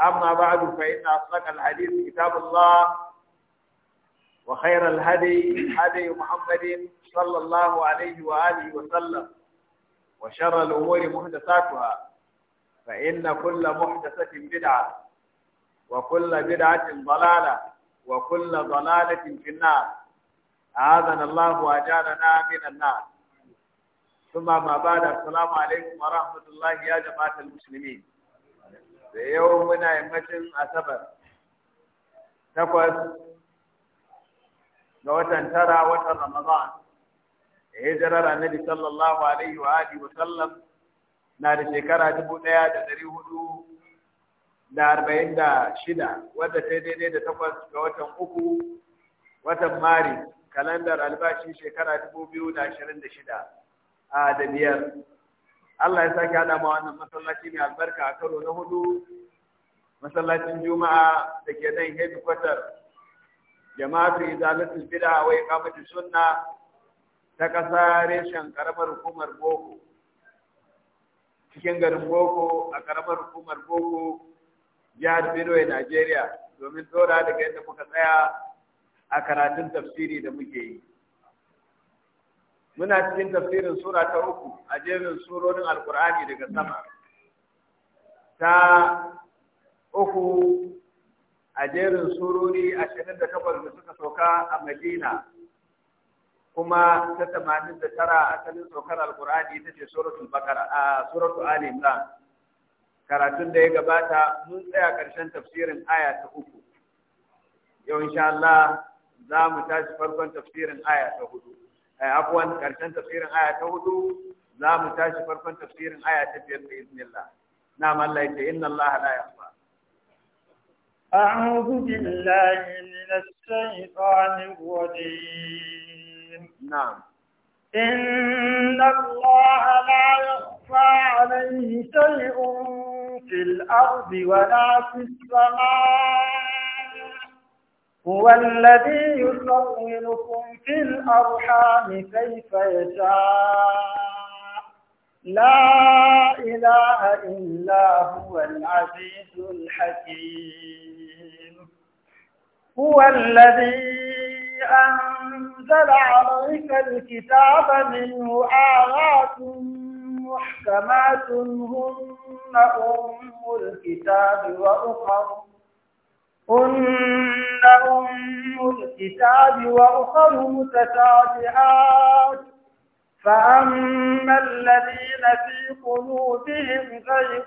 أما بعد فإن أصدق الحديث كتاب الله وخير الهدي هدي محمد صلى الله عليه وآله وسلم وشر الأمور محدثاتها فإن كل محدثة بدعة وكل بدعة ضلالة وكل ضلالة في النار أعاذنا الله وأجارنا من النار ثم ما بعد السلام عليكم ورحمة الله يا جماعة المسلمين da yau muna yammacin asabar takwas ga watan tara watan ramadan da hijirar annabi sallallahu alaihi wa alihi wa sallam na da shekara dubu ɗaya da dari hudu da arba'in da shida wadda ta daidai da takwas ga watan uku watan mari kalandar albashi shekara dubu biyu da ashirin da shida a da biyar Allah ya sake hada ma wannan masallaci mai albarka a karo na hudu masallacin juma'a da ke nan headquarter jama'atu izalatul bid'a wa iqamati sunna ta kasa reshen karamar hukumar boko cikin garin boko a karamar hukumar boko jihar Benue nigeria domin tsora daga yadda muka tsaya a karatun tafsiri da muke yi muna cikin tafsirin sura ta uku a jerin surorin alkur'ani daga sama ta uku a jerin surori ashirin da takwas da suka sauka a madina kuma ta tamanin da tara asalin saukar alkur'ani ita ce suratul bakara a suratul ali imran karatun da ya gabata mun tsaya ƙarshen tafsirin aya ta uku yau insha Allah za mu tashi farkon tafsirin aya ta hudu afwan karshen tafsirin aya ta hudu za mu tashi farkon tafsirin aya ta biyar da iznillah na mallai ta inna Allah la yakhfa أعوذ بالله من الشيطان الرجيم نعم إن الله لا يخفى عليه شيء في الأرض ولا في السماء هو الذي يصوركم في الأرحام كيف يشاء لا إله إلا هو العزيز الحكيم هو الذي أنزل عليك الكتاب منه آيات محكمات هن أم الكتاب وأخر هن أم الكتاب وأخر متتابعات فأما الذين في قلوبهم غيب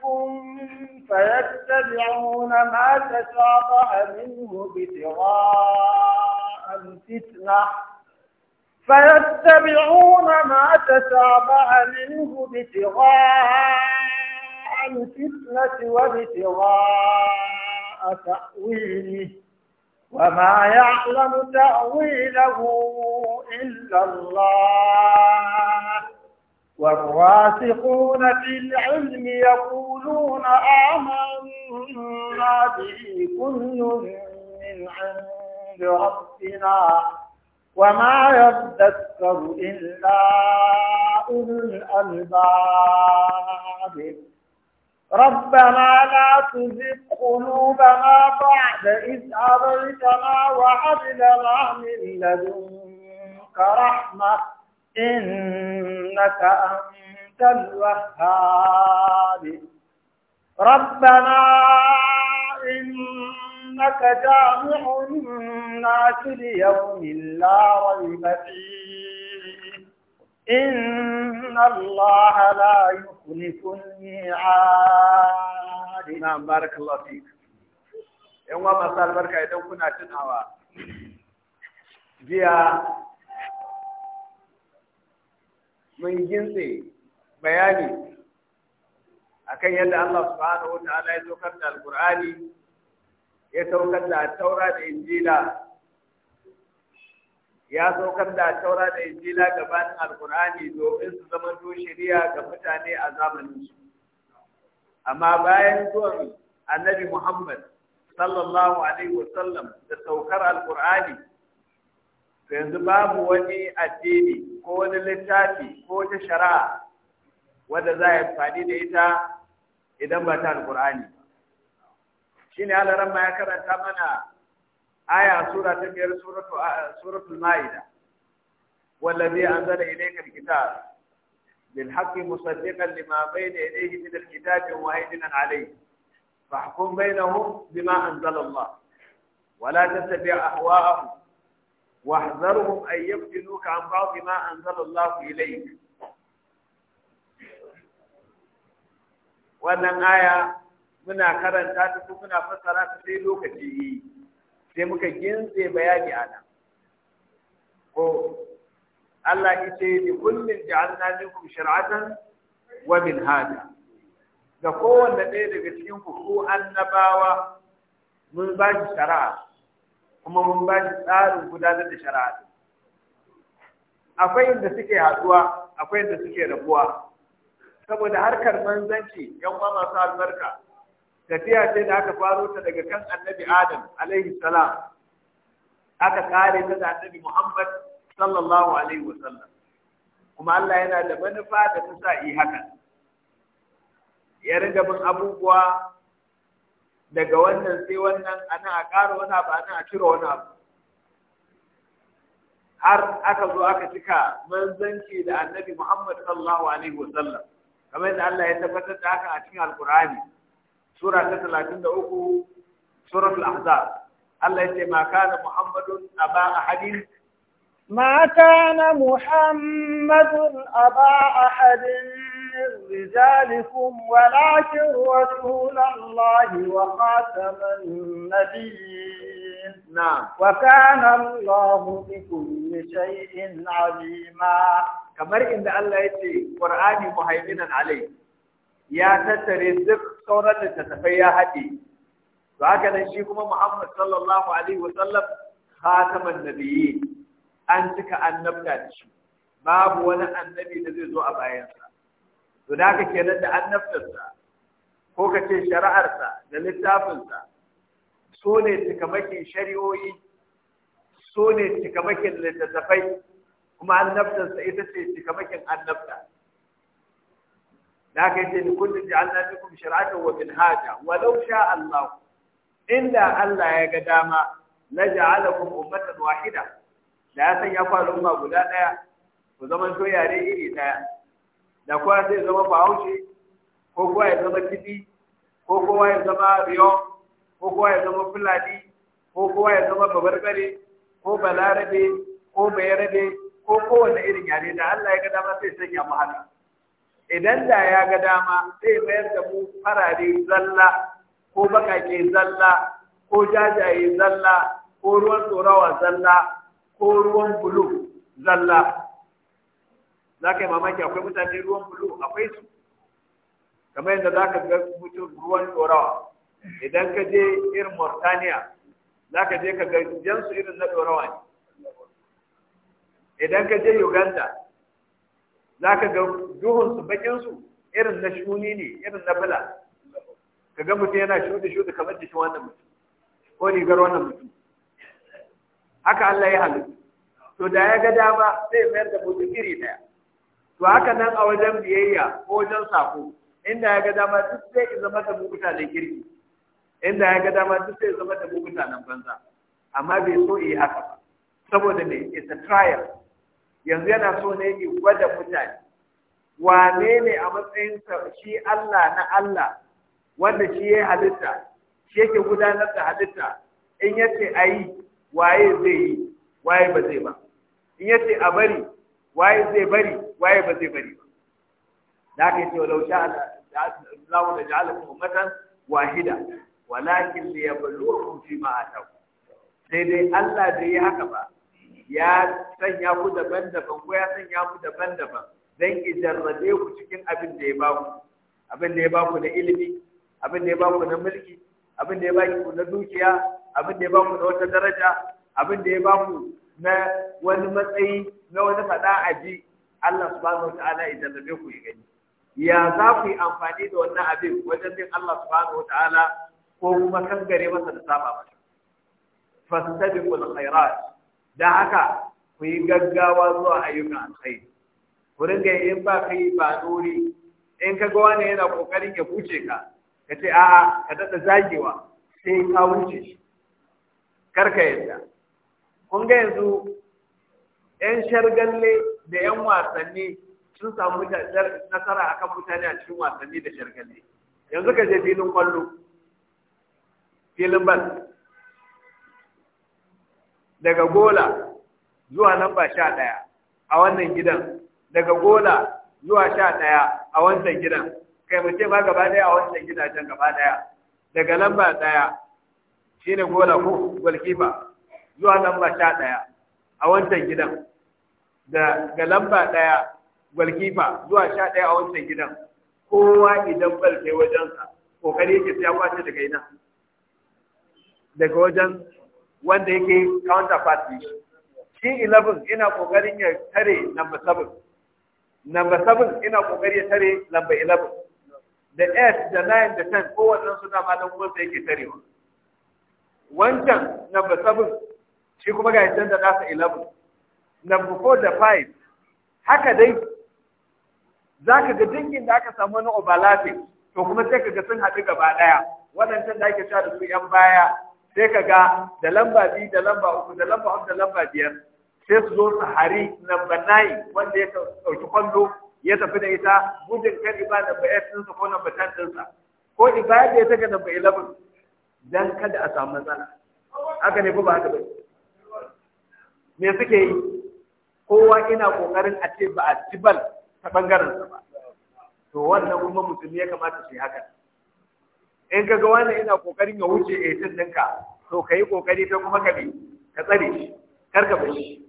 فيتبعون ما تشابه منه ابتغاء الفتنة فيتبعون ما تشابه منه ابتغاء الفتنة وابتغاء تأويله وما يعلم تأويله إلا الله والراسخون في العلم يقولون آمنا به كل من عند ربنا وما يذكر إلا أولو الألباب ربنا لا تزغ قلوبنا بعد إذ هديتنا وهب لنا من لدنك رحمة إنك أنت الوهاب ربنا إنك جامع الناس ليوم لا ريب فيه إن الله لا يخلف الميعاد نعم بارك الله فيك yan wa masu albarka idan kuna tunawa jiya mun gintse bayani akan yadda Allah subhanahu wa ta'ala ya saukar da alkur'ani ya saukar da taura da injila ya saukar da taura da injila gabanin alkur'ani domin su zama to shari'a ga mutane a zamanin su amma bayan zuwan annabi muhammad sallallahu alaihi wasallam da saukar alkur'ani yanzu babu wani addini ko wani littafi ko wata shari'a wadda za a yi amfani da ita idan ba ta alkur'ani shine alaran ya karanta mana آية سورة تبير سورة, سورة المائدة والذي أنزل إليك الكتاب بالحق مصدقا لما بين إليه من الكتاب ومهيدنا عليه فاحكم بينهم بما أنزل الله ولا تتبع أهواءهم واحذرهم أن يفتنوك عن بعض ما أنزل الله إليك وأن الآية من أكرن تاتي كنا فسرات في لوكتي sai muka ginse bayani a nan ko Allah ya ce li kullin ja'alna minkum shari'atan wa minhaja ga kowanne ɗaya daga cikin ku ko annabawa mun ba shi shari'a kuma mun ba shi tsarin gudanar da shari'a akwai inda suke haɗuwa akwai inda suke rabuwa saboda harkar manzanci yan uwa masu albarka tafiya ce da aka faro ta daga kan annabi Adam alaihi salam aka kare ta da annabi Muhammad sallallahu alaihi wa sallam kuma Allah yana da manufa da ta sa yi hakan ya riga bin abubuwa daga wannan sai wannan ana a ƙara wani abu ana a cire wani abu har aka zo aka cika manzanci da annabi Muhammad sallallahu alaihi wa sallam kamar da Allah ya tabbatar da haka a cikin alkur'ani sura ta talatin da uku surat al-ahzab Allah ya ce ma kana muhammadun aba ahadin ma kana muhammadun aba ahadin رجالكم ولكن رسول الله وخاتم النبيين نعم وكان الله بكل شيء عليما كما إن الله يتي قرآني مهيمنا عليه ya tattare duk sauran littattafai ya haɗe to haka nan shi kuma Muhammad sallallahu alaihi wasallam khataman nabiyyi an cika annabta da shi babu wani annabi da zai zo a bayansa to da haka kenan da annabtarsa ko ka ce shari'arsa da littafinsa so ne cikamakin shari'o'i so ne cikamakin littattafai kuma annabtarsa ita ce cikamakin annabta da ka ce ni Allah ja'alna kuma shar'atan wa minhaja walau sha Allah inda Allah ya ga dama la ja'alakum ummatan wahida da ya sanya ku guda daya ku zaman to yare iri daya da kowa zai zama bahaushe ko kowa ya zama kidi ko kowa ya zama riyo ko kowa ya zama fulani ko kowa ya zama babarbare ko balarabe ko bayarabe ko kowanne irin yare da Allah ya ga dama sai sanya mu idan da ya ga dama zai mayar da mu farare zalla ko bakake zalla ko jajaye zalla ko ruwan tsorawa zalla ko ruwan bulu zalla za ka yi mamaki akwai mutane ruwan bulu akwai su kamar yadda za ka ga mutum ruwan tsorawa idan ka je irin Mauritania za ka je ka ga jansu irin na tsorawa ne idan ka je Uganda za ka ga duhunsu bakinsu irin na shuni ne irin na bula ka ga mutum yana shuɗi shuɗi kamar jikin wannan mutum ko rigar wannan mutum haka Allah ya halittu to da ya ga dama zai mayar da mutum iri ɗaya to haka nan a wajen biyayya ko wajen sako inda ya ga dama duk sai ya zama da mu na kirki inda ya ga dama duk sai ya zama da mu na banza amma bai so yi haka ba saboda me it's a trial yanzu yana so ne in gwada mutane wane ne a matsayin shi Allah na Allah wanda shi ya halitta shi yake gudanar da halitta in yace yi, waye zai yi waye ba zai ba in yace a bari waye zai bari waye ba zai bari ba da haka yace walau sha Allah da ja'alakum ummatan wahida walakin liyabluwakum fi ma sai dai Allah zai yi haka ba ya sanya ku daban-daban ko ya sanya ku daban-daban don ki jarrabe ku cikin abin da ya ba ku abin da ya ba ku na ilimi abin da ya ba ku na mulki abin da ya ba ku na dukiya abin da ya ba ku na wata daraja abin da ya ba ku na wani matsayi na wani faɗa aji Allah subhanahu wa ta'ala ya jarrabe ku ya gani ya za ku yi amfani da wannan abin wajen bin Allah subhanahu wa ta'ala ko kuma kangare masa da saba masa fastabiqul khairat da haka ku yi gaggawa zuwa ayyukan alkhairi ku ringa in ba ka yi ba nuri in ka ga wani yana kokarin ya wuce ka ka ce a'a ka daɗa zagewa sai ka wuce shi karka yadda kun ga yanzu 'yan shargalle da 'yan wasanni sun samu nasara a kan mutane a cikin wasanni da shargalle yanzu ka je filin kwallo filin bal daga gola zuwa namba sha ɗaya a wannan gidan daga gola zuwa sha ɗaya a wannan gidan kai mu ce ma gaba ɗaya a wancan gidajen gaba ɗaya daga lamba ɗaya shi ne gola ko gwalkifa zuwa lamba sha ɗaya a wannan gidan daga lamba ɗaya gwalkifa zuwa sha ɗaya a wannan gidan kowa idan bal kai wajensa kokari yake sai ya kwace daga ina daga wajen wanda yake counterpart ne shi 11 ina kokarin ya tare number 7 number 7 ina kokari ya tare number 11 the 8 the 9 the 10 ko wannan su dama dan uwansa yake tarewa wancan number 7 shi kuma ga yadda nasa 11 number 4 da 5 haka dai zaka ga dingin da aka samu na overlapping to kuma sai ka ga sun haɗu gaba ɗaya waɗancan da ake sha da su 'yan baya sai ka ga da lamba biyu da lamba uku da lamba uku da lamba biyar sai su zo su hari lamba nine wanda ya ɗauki kwando, ya tafi da ita gudun kan iba ba ɗaya ɗinsa ko lamba ten ɗinsa ko iba ya ta lamba eleven dan kada a samu matsala haka ne ko ba haka ba me suke yi kowa ina kokarin a ce ba a ci bal ta bangaren sa ba to wannan kuma musulmi ya kamata su yi haka in ka ga wani yana kokarin ya wuce a yi ɗinka to ka yi kokari ta kuma ka bi ka tsare shi kar ka shi.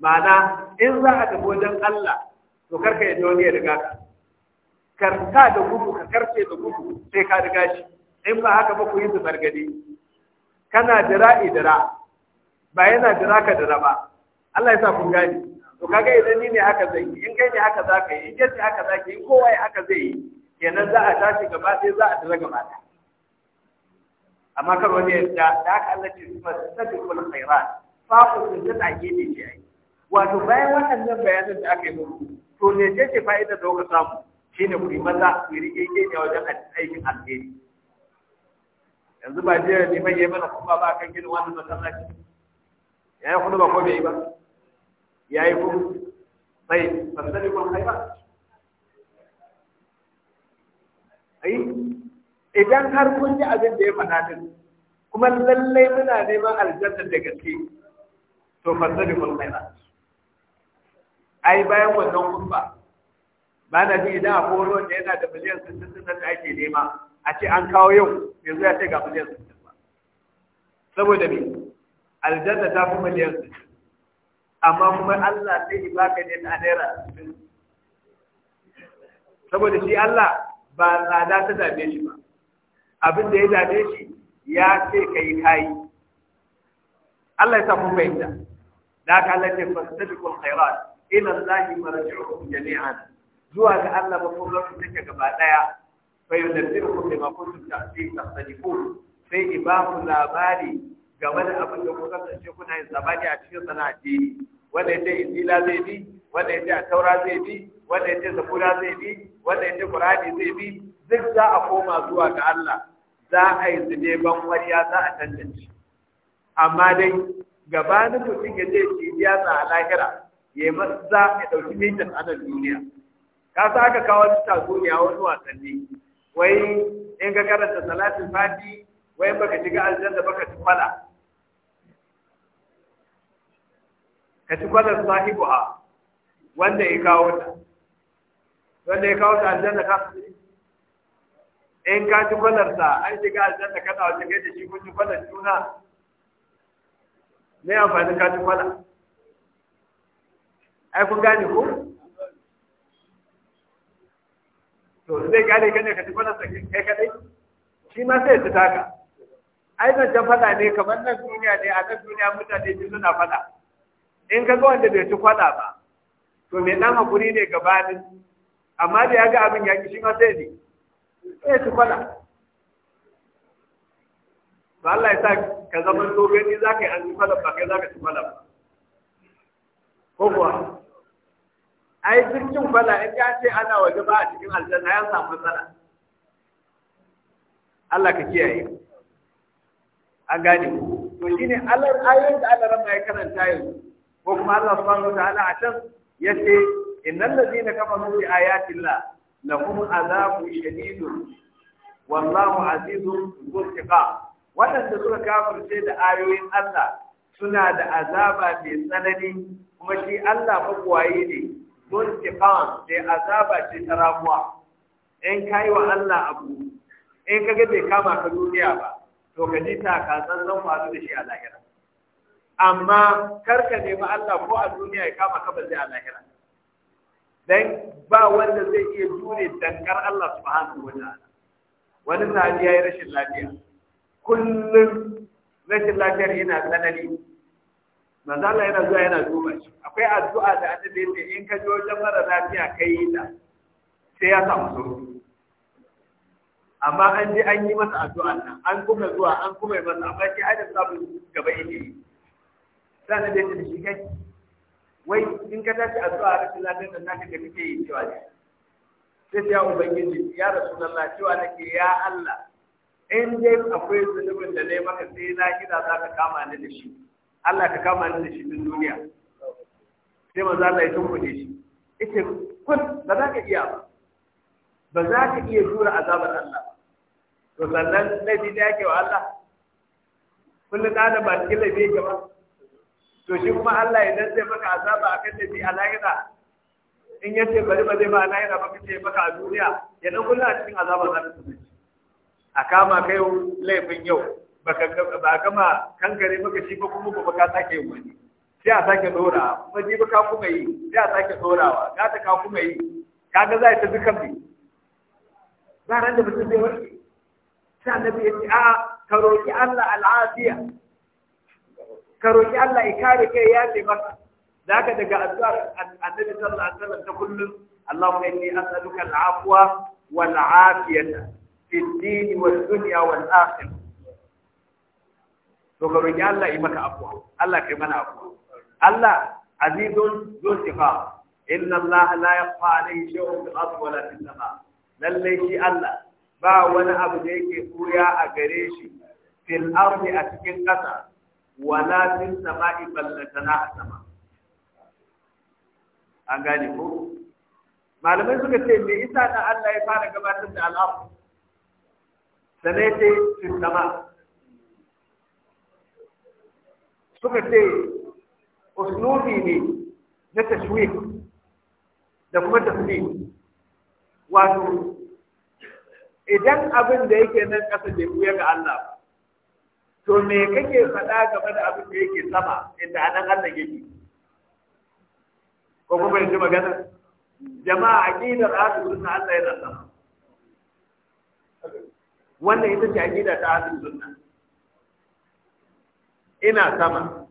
ma'ana in za a tafi wajen Allah to karka yi wani ya riga ka karka da gudu ka karfe da gudu sai ka riga shi in ba haka ba ku yi zubar gani kana dira idira ba yana jira ka jira ba Allah ya sa kun gani to kaga idan ni ne haka zai yi in kai ne haka za ka yi in kai ne haka za ka yi kowa ya haka zai yi kenan za a tashi gaba ɗaya za a tara gaba ɗaya amma kar wani ya ta da aka Allah ce fasabiqul khairat fa ku sun ta ne ce ai wato bayan waɗannan bayanan da aka yi muku to ne ce ce fa'ida da kuka samu shine ku yi maza ku yi rike ne wajen aikin alheri yanzu ba jiya ne mai yi mana kuma ba kan gidan wannan masallaci yayi yi kuma ba ko bai ba ya yi kuma sai fasabiqul khairat Eh? idan har kun ji abin da ya faɗa din kuma lallai muna neman aljanna da gaske to fasali mun na ai bayan wannan kuma ba na ji idan akwai wani wanda yana da miliyan sittin sittin da ake nema a ce an kawo yau yanzu ya ce ga miliyan sittin ba saboda me aljanna ta fi miliyan sittin amma kuma Allah sai ibaka ne ta naira saboda shi Allah ba tsada ta dame shi ba abin da ya dame shi ya ce ka yi kayi Allah ya sa mun fahimta da ka Allah ce fastabiqul khairat ila Allah marji'ukum jami'an zuwa ga Allah ba kun rasu take gaba daya fa bi ma kuntum tasdiqun sai ibahu labari game da abin da kuka kasance kuna yin sabani a cikin sana'a ce wanda ya ce zai bi wanda ya ce a taura zai bi wanda ya ce zabura zai bi wanda ya ce zai bi duk za a koma zuwa ga Allah za a yi zube ban wariya za a tantance amma dai gabanin mutum ya ce shi ya a lahira ya za ya ɗauki mitin a duniya ka sa aka kawo wata tatsuniya wani wasanni wai in ka karanta salatin fati wai baka shiga aljanna baka ci kwana? ka ci kwalar sahibuha wanda ya kawo ta wanda ya kawo ta aljanna ka in ka ci kwalarsa an shiga aljanna kana wace kai da shi kun ci kwalar juna me amfani ka ci kwalar ai kun gane ko to zai gane kane ka ci kwalarsa kai kadai shi ma sai ta taka ai zan ta fada ne kamar nan duniya ne a nan duniya mutane ji suna fada in ka ga wanda bai ci kwala ba to mai dan hakuri ne gaba gabanin amma da yaga abin ya ki shi ma sai ne sai su fada ba Allah ya sa ka zama to ni za ka yi an fada ba kai za ka ci fada ba ko kuwa ai duk cin fada in ya ce ana waje ba a cikin aljanna ya samu matsala Allah ka kiyaye an gane to shine alar ayoyin da Allah ya karanta yanzu ko kuma Allah subhanahu wa ta'ala a can yace innal ladina kafaru bi llah lahum azabun shadidun wallahu azizun dhuntiqa wadanda suka kafirce da ayoyin Allah suna da azaba mai tsanani kuma shi Allah magwaye ne dhuntiqan sai azaba ce ta ramuwa in kai wa Allah abu in kage bai kama ka duniya ba to ka ji ta ka san zan faru da shi a lahira amma karka nemi Allah ko a duniya ya kama ka bazai a lahira dan ba wanda zai iya dure dankar Allah subhanahu wa ta'ala wani ya yayi rashin lafiya kullum rashin lafiyar yana tsanani manzo Allah yana zuwa yana duba shi akwai addu'a da annabi ya ce in ka je wajen mara lafiya kai yi ta sai ya samu tsoro amma an je an yi masa addu'a nan an kuma zuwa an kuma yi masa amma shi adam sabon gaba yake yi sai da da shi kai wai in ka tashi a a rashin lafiyar da naka da kake yi cewa ne sai ta ya ubangiji ya rasulullah cewa nake ya Allah in dai akwai zunubin da nai maka sai na kira za ka kama ni da shi Allah ka kama ni da shi din duniya sai manzo Allah ya tunkuɗe shi yace kun ba za ka iya ba ba za ka iya jura azabar Allah to sannan laifi da yake wa Allah kullum da ba cikin laifi yake ba to shi kuma Allah idan zai maka azaba akan tafi a lahira in ya bari ba zai ba a ba kace maka a duniya ya dan kullu a cikin azaba za ka a kama kai laifin yau baka ba gama kankare maka shi ba kuma ba ka sake yin wani sai a sake dora kuma ji ba ka kuma yi sai a sake dorawa ka ta ka kuma yi kaga za ta dukan bi ba ran da mutum zai warke sai annabi ya ce a ka roki Allah al'afiya ka roki Allah ya kare kai ya ce maka Za ka daga addu'ar annabi sallallahu alaihi wasallam ta kullum Allahumma inni as'aluka al-afwa wal afiyata fi ad-din wal dunya wal akhirah to ka roki Allah ya maka afwa Allah kai mana afwa Allah azizun zu sifa inna Allah la yakhfa alayhi shay'un fil ardi wala fis sama Lallai shi Allah ba wani abu da yake koya a gare shi fil ardi a cikin ƙasa wala fil sama'i bal a sama an gane ko malamai suka ce me isa da Allah ya fara gabatar da al'amu sanai ce fil sama suka ce usnubi ne na tashwik da kuma tafsir wato idan abin da yake nan kasa da buya ga Allah to me kake faɗa game da abin da yake sama inda anan Allah yake ko kuma yanzu magana jama'a aqidar ahlus sunna Allah yana sama wannan ita ce aqida ta ahlus sunna ina sama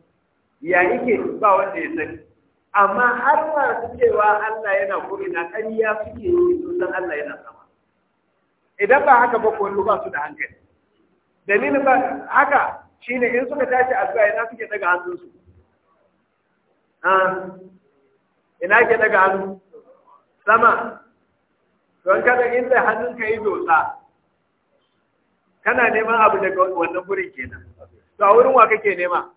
ya yake ba wanda ya sani amma har ma cewa Allah yana na kariya suke yi sun Allah yana sama idan ba haka ba ko ba su da hankali dalilin ba haka shine in suka tashi addu'a ina suke daga hannunsu ina ke daga hannu sama don kada inda hannun ka yi dosa kana neman abu daga wannan gurin kenan to a wurin wa kake nema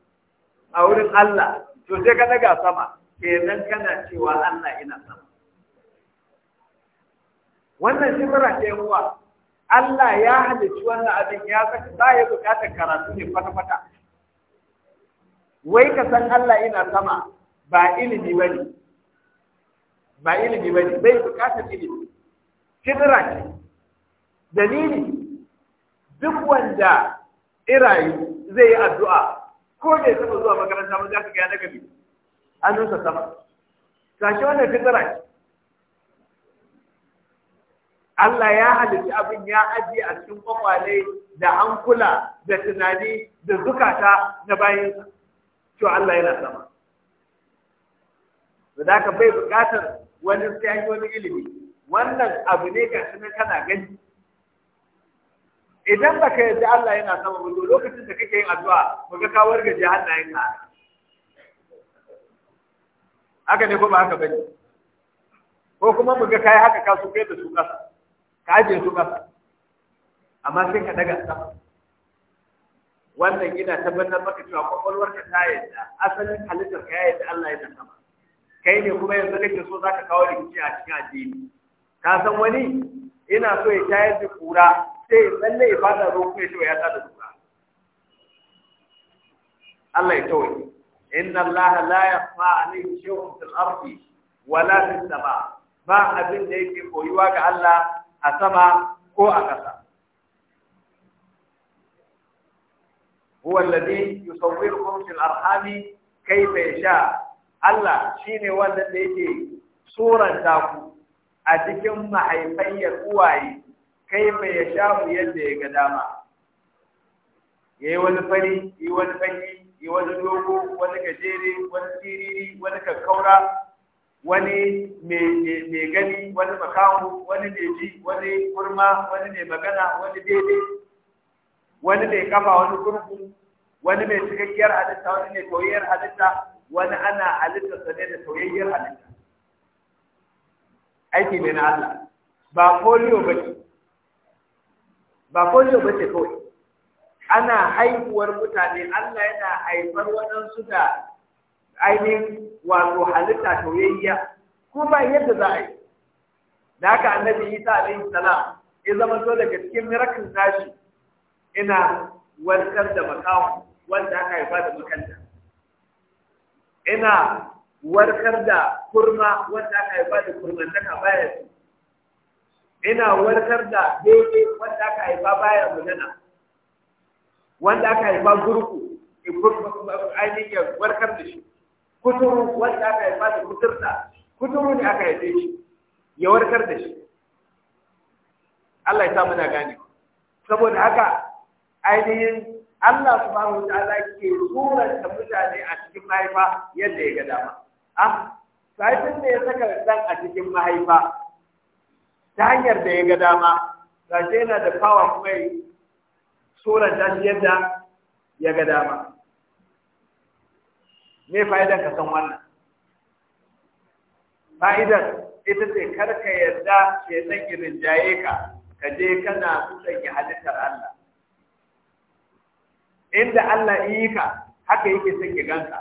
a wurin Allah to sai ka daga sama kenan kana cewa Allah ina sama wannan shimra yi uwa Allah ya halicci wannan abin ya saka ba ya bukatar karatu ne kwata-kwata. Wai ka san Allah ina sama ba ilimi ba ne, ba ilimi ba ne, bai bukatar ilimi. Sidira ce, dalili duk wanda irayu zai yi addu'a ko da ya zuwa makaranta ba za su gaya daga gabi, an nusa sama. Sashi wannan fitira ce, Allah ya halitta abin ya ajiye a cikin kwakwale da hankula da tunani da zukata na bayansa to Allah yana sama da ka bai bukatar wani sai wani ilimi wannan abu ne ga shi kana gani idan ba ka yarda Allah yana sama ba lokacin da kake yin addu'a ba ka kawar Allah yin ka haka ne ko ba haka bane ko kuma mu ga kai haka ka su kai da su kasa ka ajiye su ƙasa amma sai ka daga sama wannan ina tabbatar maka cewa kwakwalwarka ta yadda asalin halittar ka yadda Allah yana sama kai ne kuma yanzu nake so ka kawo rikici a cikin addini ka san wani ina so ya tayar da kura sai lalle ya fada roƙo ya ce ya tsada kura Allah ya tawaye inna Allah la yakhfa alayhi shay'un fil ardi wala fis sama ba abin da yake koyuwa ga Allah a sama ko a ƙasa huwa allazi yusawwirukum fil arhami bai sha Allah shine wanda da yake tsoron ku a cikin mahaifayyar uwaye kai mai ya sha yadda ya ga dama ya yi wani fari yi wani fari yi wani dogo wani gajere wani siriri wani kakkaura wani mai gani wani makamu wani mai ji wani kurma wani mai magana wani daidai wani mai kafa wani gurgu wani mai cikakkiyar halitta wani mai tauyiyar halitta wani ana halitta sane da tauyayyar halitta aiki ne na Allah ba polio ba ce ba polio ba ce kawai ana haihuwar mutane Allah yana haifar waɗansu da ainihin wato halitta tauyayya ko ba yadda za a yi da haka annabi isa alaihi salam ya zama so daga cikin mirakin tashi ina warkar da makawa wanda aka haifa da makanta ina warkar da kurma wanda aka haifa da kurmantaka baya su ina warkar da bebe wanda aka haifa baya magana wanda aka haifa gurku ainihin warkar da shi kuturu wanda aka yi fasa kuturta kuturu ne aka haife shi ya warkar da shi Allah ya sa muna gane saboda haka ainihin Allah subhanahu wa ta'ala ke suranta mutane a cikin mahaifa yadda ya ga dama a sai da ya saka dan a cikin mahaifa ta hanyar da ya ga dama gashi yana da fawa kuma suranta shi yadda ya ga dama me fa'idan ka san wannan fa'idan ita ce kar ka yarda san ya jaye ka ka je kana musanya halittar Allah inda Allah yi ka haka yake son ya ganka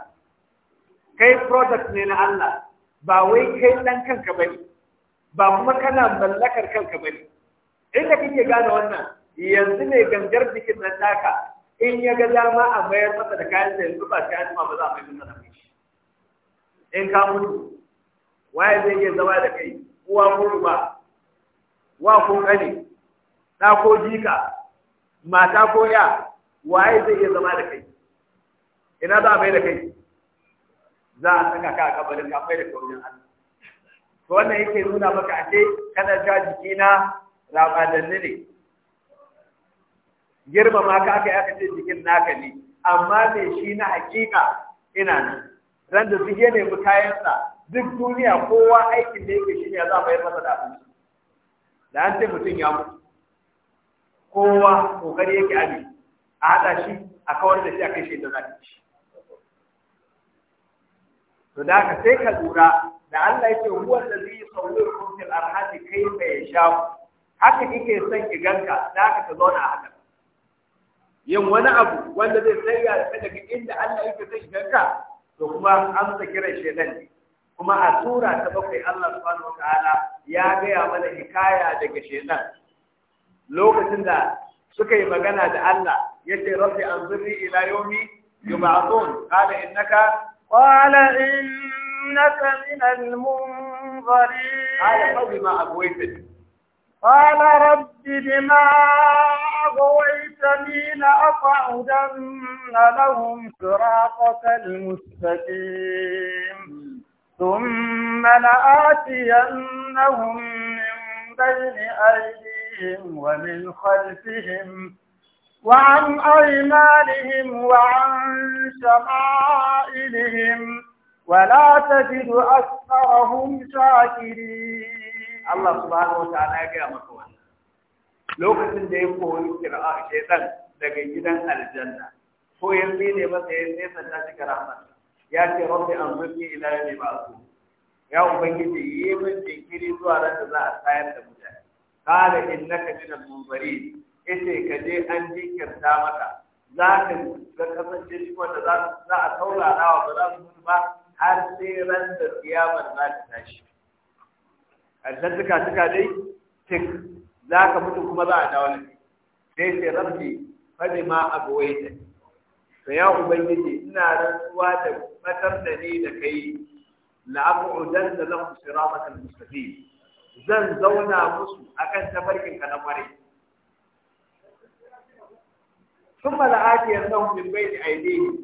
kai product ne na Allah ba wai kai dan kanka bane ba kuma kana mallakar kanka bane inda kake gane wannan yanzu ne gangar jikin nan taka in ya ga dama a mayar masa da kayan da yanzu ba kayan ma ba za a mai masa da shi. in ka mutu waye zai iya zama da kai uwa ko uba wa ko kane da ko jika mata ko ya waye zai iya zama da kai ina za a bayar da kai za a saka ka a kabarin ka bayar da kaurin Allah to wannan yake nuna maka ce kana ja jikina rabadanni ne girmama ka aka aka ce jikin naka ne amma me shi na hakika ina nan ran da duk ya nemi kayansa duk duniya kowa aikin da yake shi ne za mu yi masa da abinci da an ce mutum ya mutu kowa kokari yake abi a haɗa shi a kawar da shi a kai shi da zaki shi to da ka sai ka lura da Allah yake huwa allazi yusawwirukum fil arhati kayfa yasha haka kike son ki ganka da ka zauna a haka yin wani abu wanda zai tsaya da daga inda Allah yake zai shigarka to kuma an sa kiran shedan kuma a tura ta bakwai Allah subhanahu wataala ya gaya mana hikaya daga shedan lokacin da suka yi magana da Allah yace rabbi anzurni ila yawmi yub'athun qala innaka qala innaka min al-munzirin qala rabbi ma abwaytani qala rabbi bima أغويتني لأقعدن لهم صراطك المستقيم ثم لآتينهم من بين أيديهم ومن خلفهم وعن أيمانهم وعن شمائلهم ولا تجد أكثرهم شاكرين الله سبحانه وتعالى يا مكتوب lokacin da ya koyi a shaitan daga gidan aljanna ko yan ne masa ya nesa ta shiga rahmat ya ce rabbi an zurni ila ba su ya ubangiji yi min jinkiri zuwa ran da za a tayar da mutane qala innaka min al-munzirin ita ka je an jinkirta maka za ka ga kasance shi wanda za a taurara wa ba za su mutu ba har sai ran da kiyamar za ta tashi aljanna suka suka dai tik za ka mutu kuma za a dawo da sai sai ce rabbi fadi ma ta. to ya ubangiji ina rantsuwa da matar da ni da kai la dan da lahum siratal mustaqim zan zauna musu akan tafarkin ka na mare ثم لآتي لهم bai da أيديهم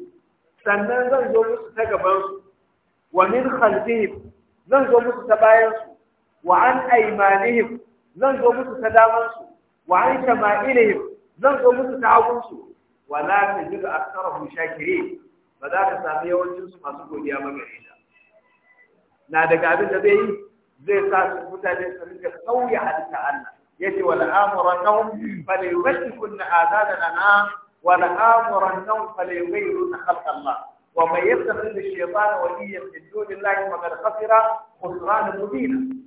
sannan zan zo musu ta gabansu wa min khalfihim zan zo musu ta bayansu wa an aymanihim zan zo musu ta daman su wa an shama'ilihim zan zo musu ta hagun su wa la tajidu aktharahum shakirin ba za ka sami yawancin su masu godiya ba gare na daga abin da zai yi zai sa su mutane su rinka sauya halitta Allah yace wal amrunahum falyubashshikun azadana na wal amrunahum mai khalqa Allah wa may yattakhidh ash-shaytana waliyyan min dunillahi faqad khasira khusrana mubina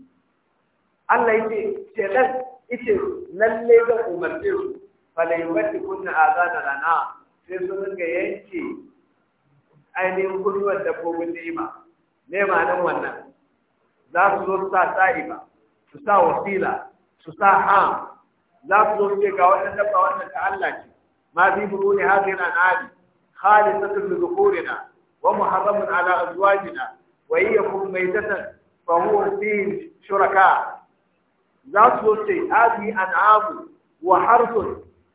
Allah yake shekar ita lalle ga umarce su wacce kunna da rana. sai su suka yanke ainihin da dabbobin nema. ne nan wannan za su zo sa sa'iba su sa wasila su sa ham za su zo ce ga wannan dabba wannan ta Allah ce ma fi buruni hadhihi al-anami khalisatun li dhukurina wa muharramun ala azwajina wa mai maytatan fa huwa fihi shuraka ذات وشي هذه أنعام وحرث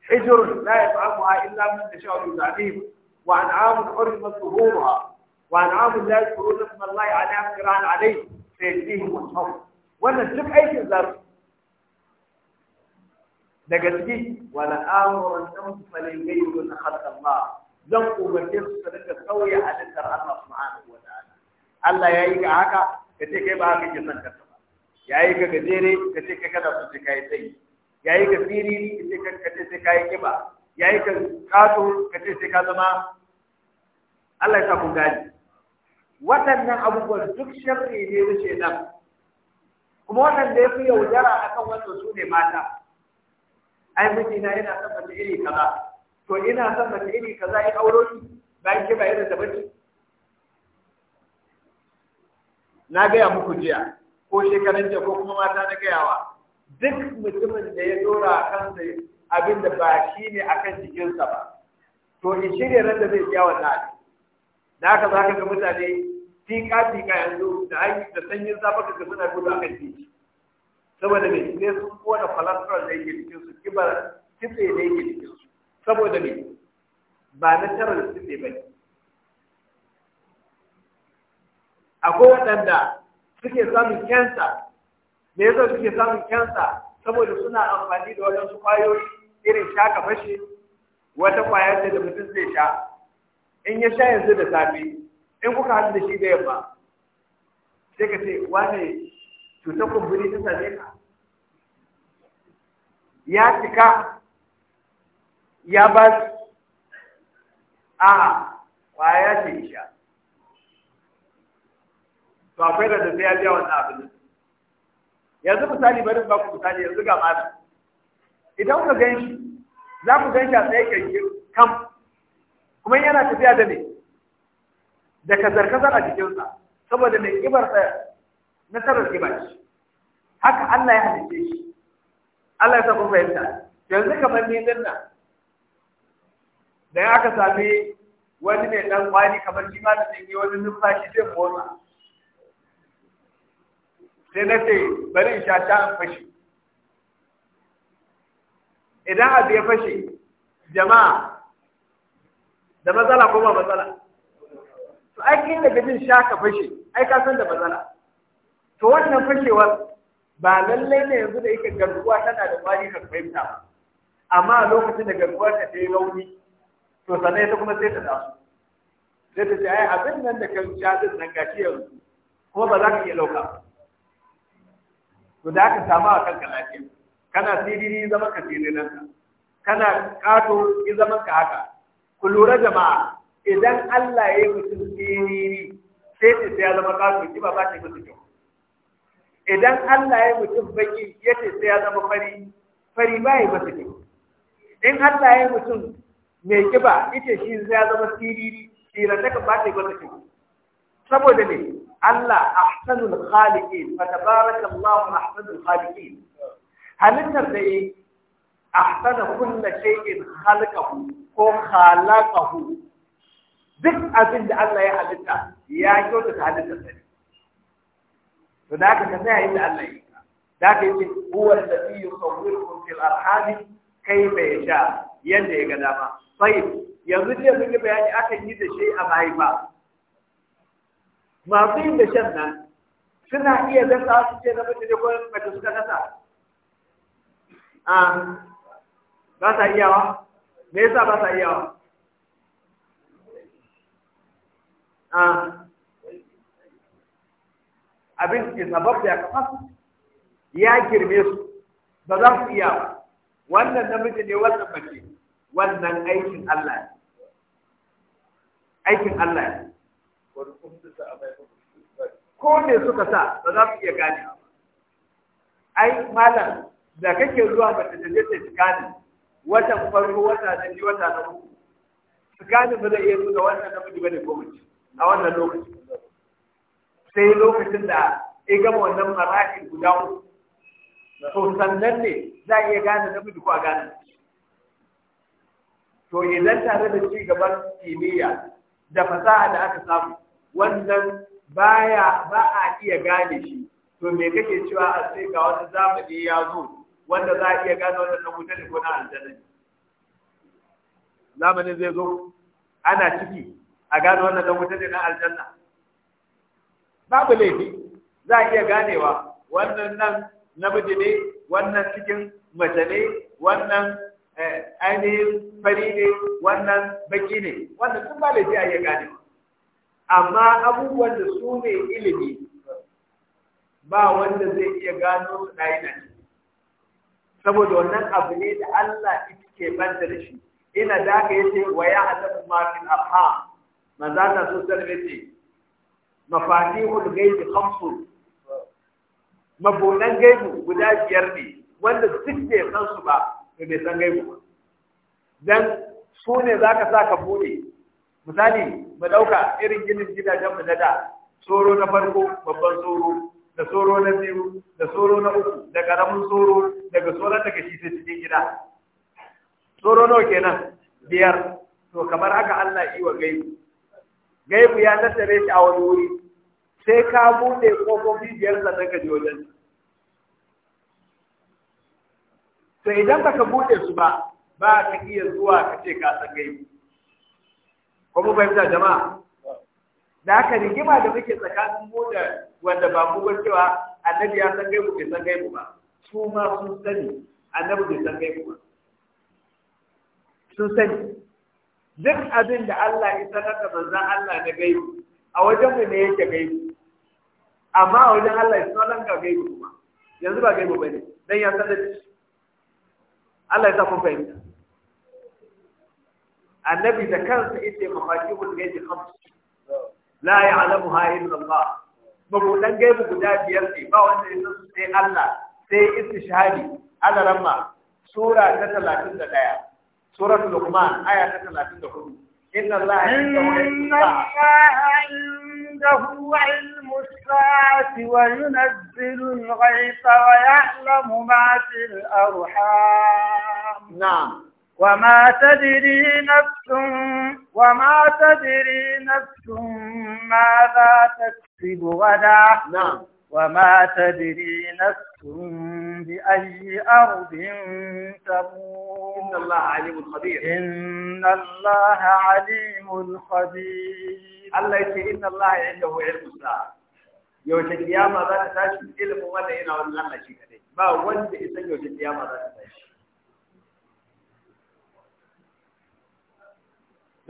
حجر لا يطعمها إلا من نشاء يزعمهم وأنعام حرمت ظهورها وأنعام لا يذكرون اسم الله عليها قران عليه سيجزيهم وجههم وأن تشوف أي الزرع دقتي ولا آمر النمس فليغير خلق الله zan umarce su su على sauya الله سبحانه وتعالى الله يعيك عكا ya yi ga haka yayi ka gajere ka ce kai kana so sai kai sai yayi ka siriri ka ce ka ce sai kai kiba yayi ka kato ka ce sai ka zama Allah ya sa ku gani waɗannan abubuwan duk sharri ne na shedan kuma waɗanda ya fi yaudara akan wannan su ne mata ai na yana son mace iri kaza to ina son mace iri kaza in auro ki bayan ke ba irin da bace na gaya muku jiya ko shekaran jiya ko kuma mata na gayawa duk mutumin da ya dora a kansa abin da ba shi ne a kan jikinsa ba to in shirya ran da zai biya na abin da haka za ka ga mutane tika-tika yanzu da hanyar da sanyin zafi ka ga suna gudu a kan titi saboda me ne sun kona cholesterol da yake jikinsu kibar kitse da yake jikinsu saboda me ba na tarar kitse ba ne akwai waɗanda suke samun cancer me yasa suke samun cancer saboda suna amfani da waɗansu kwayoyi irin shaka fashe wata kwayar da mutum zai sha in ya sha yanzu da safe in kuka haɗu da shi da yamma sai ka ce wane cutar kumburi ta same ka ya cika ya ba a kwaya ce sha to akwai da sai ya biya wannan abin yanzu misali bari ba ku misali yanzu ga mata idan ku gan shi za ku gan shi a tsaye kyanke kam kuma yana tafiya da me da kazar-kazar a jikinsa saboda mai kibar na nasarar kiba shi haka Allah ya halice shi Allah ya saka fahimta yanzu kamar ni din nan da aka sami wani mai dan kwani kamar shi ma da yi wani numfashi zai motsa sai na ce bari in sha sha fashe idan abu ya fashe jama'a da matsala ko ba matsala to ai kai daga jin sha ka fashe ai ka san da matsala to wannan fashewar ba lallai ne yanzu da yake garkuwa tana da wani ka fahimta ba amma a lokacin da garkuwa ta ta yi rauni to sannan ita kuma sai ta taso sai ta ce ai abin nan da kan sha din nan gashi yanzu kuma ba za ka iya lauka ba to da aka samu a kanka lafiya kana sirri zama ka Ka kana kato ki zama ka haka ku lura jama'a idan Allah ya yi mutum siriri sai ta ya zama kato ki ba ba ta mutu kyau idan Allah ya yi mutum baki ya ce sai ya zama fari fari ba ya masa kyau in Allah ya yi mutum mai kiba ita shi sai ya zama siriri ka ba ta yi kyau saboda ne Allah ahsanul khaliqin fa tabarakallahu ahsanul khaliqin halittar da yi ahsana kullu shay'in khalaqahu ko khalaqahu duk abin da Allah ya halitta ya kyautata halittar da ne to da haka ka tsaya inda Allah ya da haka yake huwa alladhi yusawwirukum fil arham kayfa yasha yanda ya ga dama sai yanzu mun yi bayani akan yi da shi a mahaifa masu yin da shan nan suna iya gasa su ce zama da ko mace suka gasa a ba sa iyawa me yasa ba sa iyawa a abin is ya kafa capacity ya girme su ba za su iya wannan namiji ne wannan mace wannan aikin Allah aikin Allah ko me suka sa ba za su iya gane ai malam da kake zuwa ta tafiye ta gane watan farko wata na biyu wata na uku tsakanin ba zai iya nuna wannan miji bane ko mace a wannan lokaci sai lokacin da ya gama wannan maraki guda uku to sannan ne za a iya gane miji ko a gane to idan tare da ci gaban kimiyya da fasaha da aka samu wannan baya ba a iya gane shi to me kake cewa a sai ga wani zamani ya zo wanda za a iya gane wannan na wuta ne ko na aljanna zamanin zai zo ana ciki a gane wannan na wuta ne na aljanna babu laifi za a iya ganewa wannan nan namiji ne wannan cikin mace ne wannan eh, ainihin fari ne wannan baki ne wannan sun ba laifi a iya ganewa amma abubuwan da su ne ilimi ba wanda zai iya gano su ɗaya na saboda wannan abu ne da Allah ita ke banta da shi ina da aka yi ce wa ya alamu mafin afha ma za ta so sallallahu ce mafatihul ghaibi khamsu mabonan gaibu guda biyar ne wanda duk bai san su ba bai san gaibu ba dan su ne za ka sa ka bude misali mu dauka irin ginin gidajen mu na da tsoro na farko babban tsoro da tsoro na biyu da tsoro na uku da karamin tsoro daga tsoron daga shi sai cikin gida tsoro nawa kenan biyar to kamar haka Allah yi wa gaibu gaibu ya tattare shi a wani wuri sai ka bude kofofi biyar da ka je wajen to idan baka bude su ba ba ka iya zuwa ka ce ka san gaibu ko mu fahimta jama'a da haka rigima da muke tsakanin mu da wanda ba mu ba cewa annabi ya san gaibu bai san gaibu ba su ma sun sani annabi bai san gaibu ba sun sani duk abin da Allah ya sanar da manzon Allah na gaibu a wajen mu ne yake gaibu amma a wajen Allah ya sanar da gaibu kuma yanzu ba gaibu bane dan ya san da Allah ya sa kun fahimta النبي ذكرت انت مفاتيح الغيب خمس لا يعلمها الا الله مبولا جايب قدام يلقي ما هو ان سي الله سي انت شهادي انا لما سوره 31 آية. سوره لقمان ايه 34 ان الله ان الله عنده علم الساعه وينزل الغيث ويعلم ما في الارحام نعم وما تدري نفس وما تدري نفس ماذا تكسب غدا نعم وما تدري نفس بأي أرض تموت إن الله عليم خبير إن الله عليم خبير الله يقول إن الله عنده علم الساعة يوم القيامة ذات تاشي علم ولا هنا ولا الله شيء ما وين يوجد القيامة ذات تاشي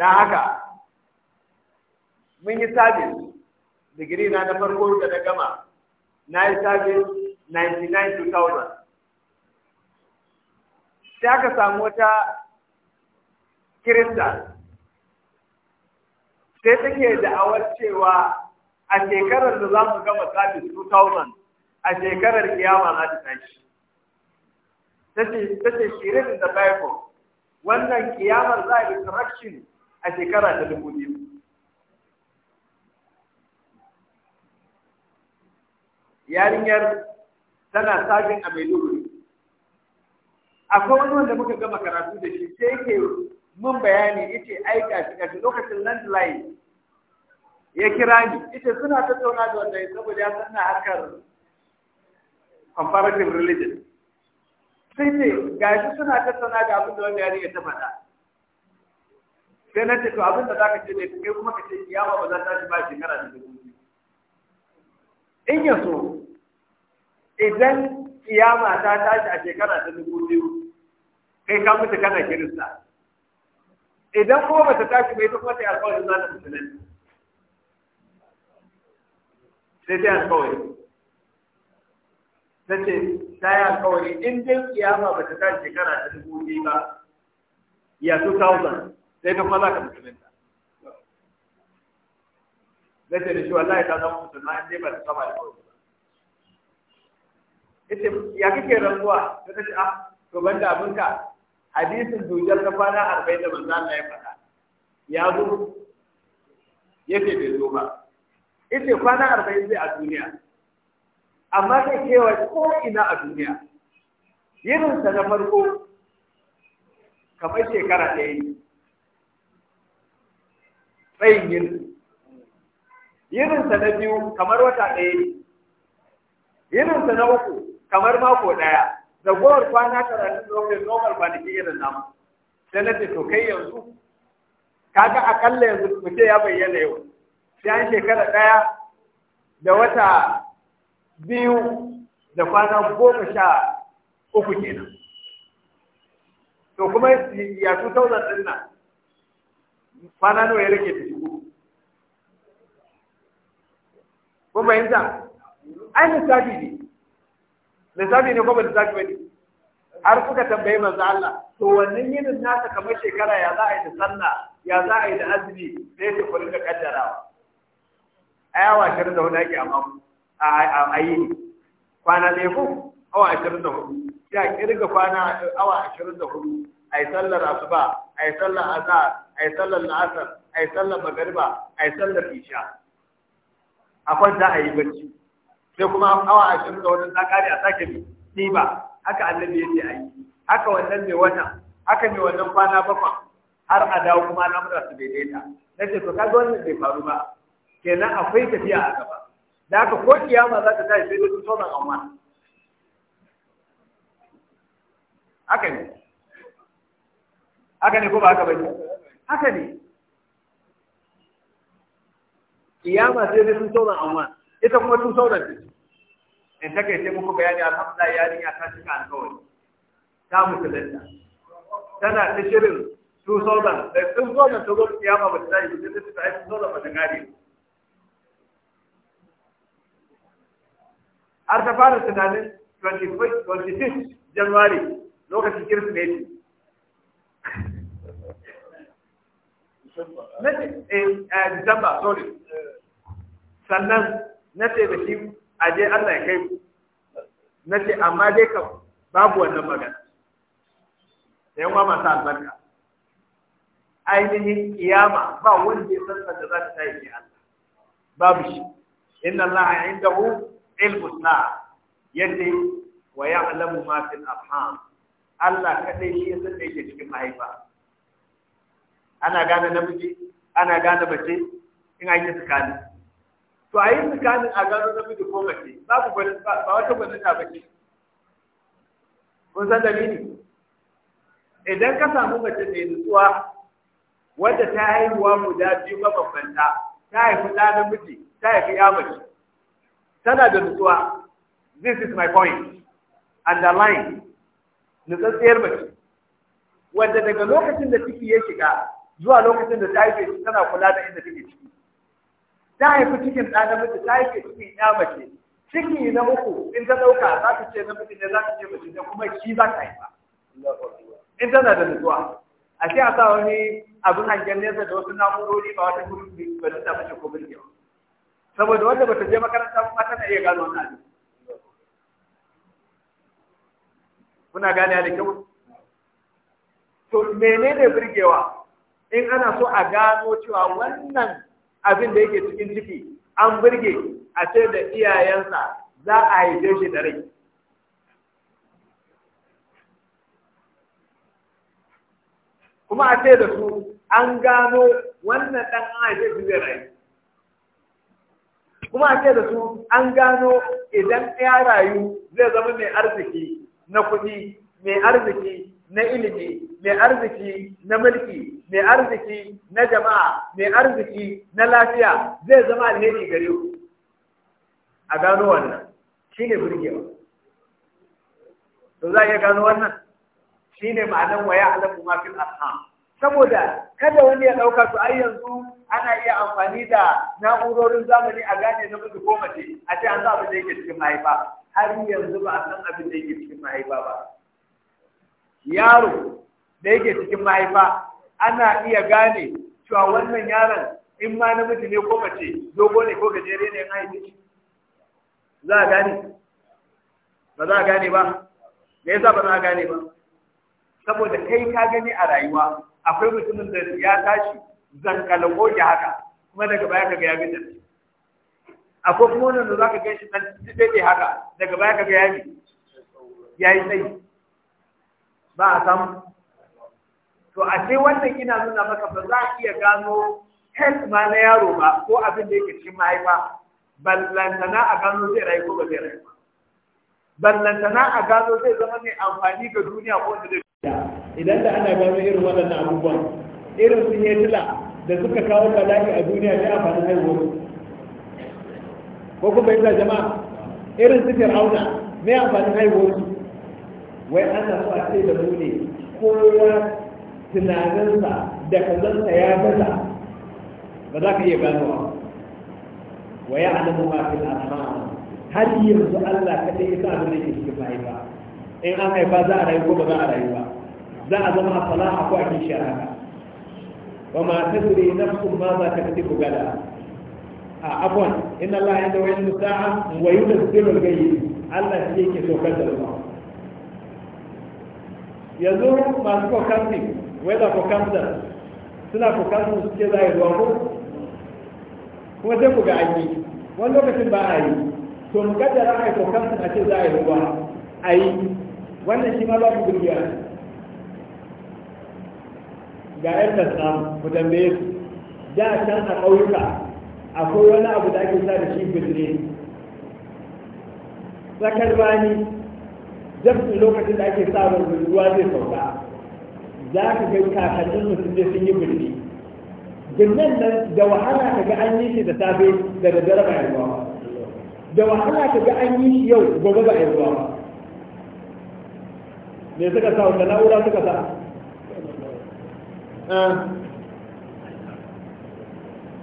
Da haka mun yi sabis digiri na na farko da na gama na yi sabis 99,000 sai aka samu wata kirista sai take da'awar cewa a shekarar da za mu gama sabis 2000 a shekarar kiyama za ta tashi ta ce shirin da bible wannan kiyamar za a resurrection a shekara ta dubu biyu yarinyar tana sabin a maiduguri akwai wani wanda muka gama karatu da shi sai yake mun bayani yace aika shi ga lokacin landline ya kira ni yace suna tattauna da wannan saboda ya sanna harkar comparative religion sai ce gashi suna tattauna da abin da wanda riga ta faɗa sai na ce to abin da zaka ce ne kai kuma ka ce kiyama ba za ta shi ba shekara da dubu biyu. in ya so idan kiyama ta tashi a shekara ta dubu biyu kai ka mutu kana kirista idan kuma ba ta tashi bai ta kuma ta yi alƙawarin za ta musulunci sai ta yi alƙawari ta ce ta yi alƙawari in dai kiyama ba ta tashi shekara ta dubu biyu ba ya 2000 sai na maza ka ta. zai ce da shi wallahi ta zama musulma in dai ba ta saba da kawai ita ya kake rantsuwa ta ce ah to abin ka. hadisin dujar ta kwana arba'in da manzo Allah ya faɗa ya zo yake bai zo ba ita kwana arba'in zai a duniya amma kai kewa ko ina a duniya yininsa na farko kamar shekara ɗaya ne tsayin yin yininsa na biyu kamar wata ɗaya ne yininsa na uku kamar mako ɗaya da gowar kwana talatin da wani normal kwanaki irin nama sai na ce to kai yanzu kaga akalla yanzu mu ya bayyana yau sai an shekara ɗaya da wata biyu da kwana goma sha uku kenan to kuma ya 2000 ɗin nan kwana nawa ya rage ta shigo ko fahimta ai lissafi ne lissafi ne ko ba lissafi ba ne har suka tambayi manzo Allah to wannan yinin nasa kamar shekara ya za a yi da sallah ya za a yi da azumi sai ta kullu da kaddarawa da 24 ake amma a yi kwana ne ko awa 24 ya kirga kwana awa 24 ai sallar asuba ai sallar azhar ai sallar la'asar ai sallar magariba ai sallar isha a kwanta a yi barci sai kuma awa ashirin da wani tsakari a sake ɗiba haka annabi ya ce a yi haka wannan mai wannan. haka mai wannan kwana bakwa. har a dawo kuma al'amura su daidaita na ce to kaga wannan bai faru ba kenan akwai tafiya a gaba da haka ko kiyama za ta tashi sai da su amma haka ne haka ne ko ba haka bane haka ne kiyama sai dai sun tsoron amma ita kuma sun tsoron ce in take sai muku bayani alhamdulillah ya ta cika alƙawari ta musulunta tana ta shirin sun tsoron da sun tsoron ta zo kiyama ba ta yi ba ta sun tsoron ba ta gane har ta fara tunanin 26 January lokacin Kirsimeti na ce eh, eh Disamba sorry sannan na ce da shi aje Allah ya kai ku na ce amma dai kam babu wannan magana da yawa masu albarka ainihin kiyama ba wanda ya san da za ta tayi ne Allah babu shi inna Allah indahu ilmu sa'a yadda wa ya'lamu ma fil arham Allah kadai shi ya san da yake cikin mahaifa ana gane namiji ana gane mace in an yi tsakani to a yi tsakanin a gano namiji ko mace babu ba wata gwanin ta bace kun san dalili idan ka samu mace mai nutsuwa wadda ta haihuwa guda biyu mabambanta ta haifi ɗa namiji ta haifi ya mace tana da nutsuwa this is my point underline nutsatsiyar mace wanda daga lokacin da ciki ya shiga zuwa lokacin da ta haife shi tana kula da inda take ciki ta haifi cikin ɗa namiji ta haife cikin ɗa mace ciki na uku in ta ɗauka za ta ce namiji ne za ta ce mace ne kuma shi za ta haifa in tana da nutsuwa a ce a sa wani abin hangen nesa da wasu na'urori ba wata gurbi ba ta mace ko birgewa saboda wanda bata je makaranta ba tana iya gano wannan abin kuna gane da kyau to menene birgewa in ana so a gano cewa wannan abin da yake cikin ciki an burge a ce da iyayensa za a haife shi da rai kuma a ce da su an gano wannan ɗan an haife shi da rai kuma a ce da su an gano idan ya rayu zai zama mai arziki na kuɗi mai arziki na ilimi mai arziki na mulki mai arziki na jama'a mai arziki na lafiya zai zama alheri gare ku a gano wannan shine burgewa to za a iya gano wannan shine ma'anar waya alamu lafi fil arham saboda kada wani ya ɗauka su ai yanzu ana iya amfani da na'urorin zamani a gane namiji ko mace a ce an za abin da yake cikin mahaifa har yanzu ba a san abin da yake cikin mahaifa ba yaro da yake cikin mahaifa ana iya gane cewa wannan yaron in ma namiji ne ko mace dogo ne ko gajere ne haife shi za a gane ba za a gane ba me yasa ba za a gane ba saboda kai ka gani a rayuwa akwai mutumin da ya tashi zankalako ya haka kuma daga baya kaga ya gajar akwai kuma wannan da ka gan shi dan tsaye haka daga baya kaga ya yi ya yi tsayi ba a samu to a ce wannan ina nuna maka ba za a iya gano health ma na yaro ba ko abin da yake cikin mahaifa ballantana a gano zai rayu ko ba zai rayu ba ballantana a gano zai zama mai amfani ga duniya ko da duniya idan da ana gano irin waɗannan abubuwan irin su yadila da suka kawo bala'i a duniya amfani zai wuri. ko kuma yadda jama'a irin su fir'auna mai amfanin zai wuri. wai ana so a ce da mu ne kowa tunaninsa da kazansa ya gaza ba za ka iya gano ba wa ya alamu ma fil arham har yanzu Allah ka ya sa abin da ke cikin mahaifa in an haifa za a rayu ko ba za a rayu ba za a zama a salaha ko a kishiyar haka wa ma tasri nafsun ma za ta katibu gada a afwan ina Allah ya da wani sa'a wa yudabbiru al-ghayb Allah shi yake sokar da ruwa yanzu masu Wai weather kokansa suna kokansu su ce za a yi ruwa ko kuma sai ku ga an yi wani lokacin ba a yi to mu kaddara a yi kokansu a ce za a yi ruwa a yi wannan shi ma ba ku gurgiya ga yan tasa ku tambaye su da can a ƙauyuka akwai wani abu da ake sa da shi birni tsakar bani jam'in lokacin da ake samun ruwa zai sauka za ka ga kakannin mu sun je sun yi birni birnin nan da wahala ka ga an yi shi da safe da daddare ba ruwa ba da wahala ka ga an yi shi yau gobe ba ruwa ba me suka sa wanda na'ura suka sa ah.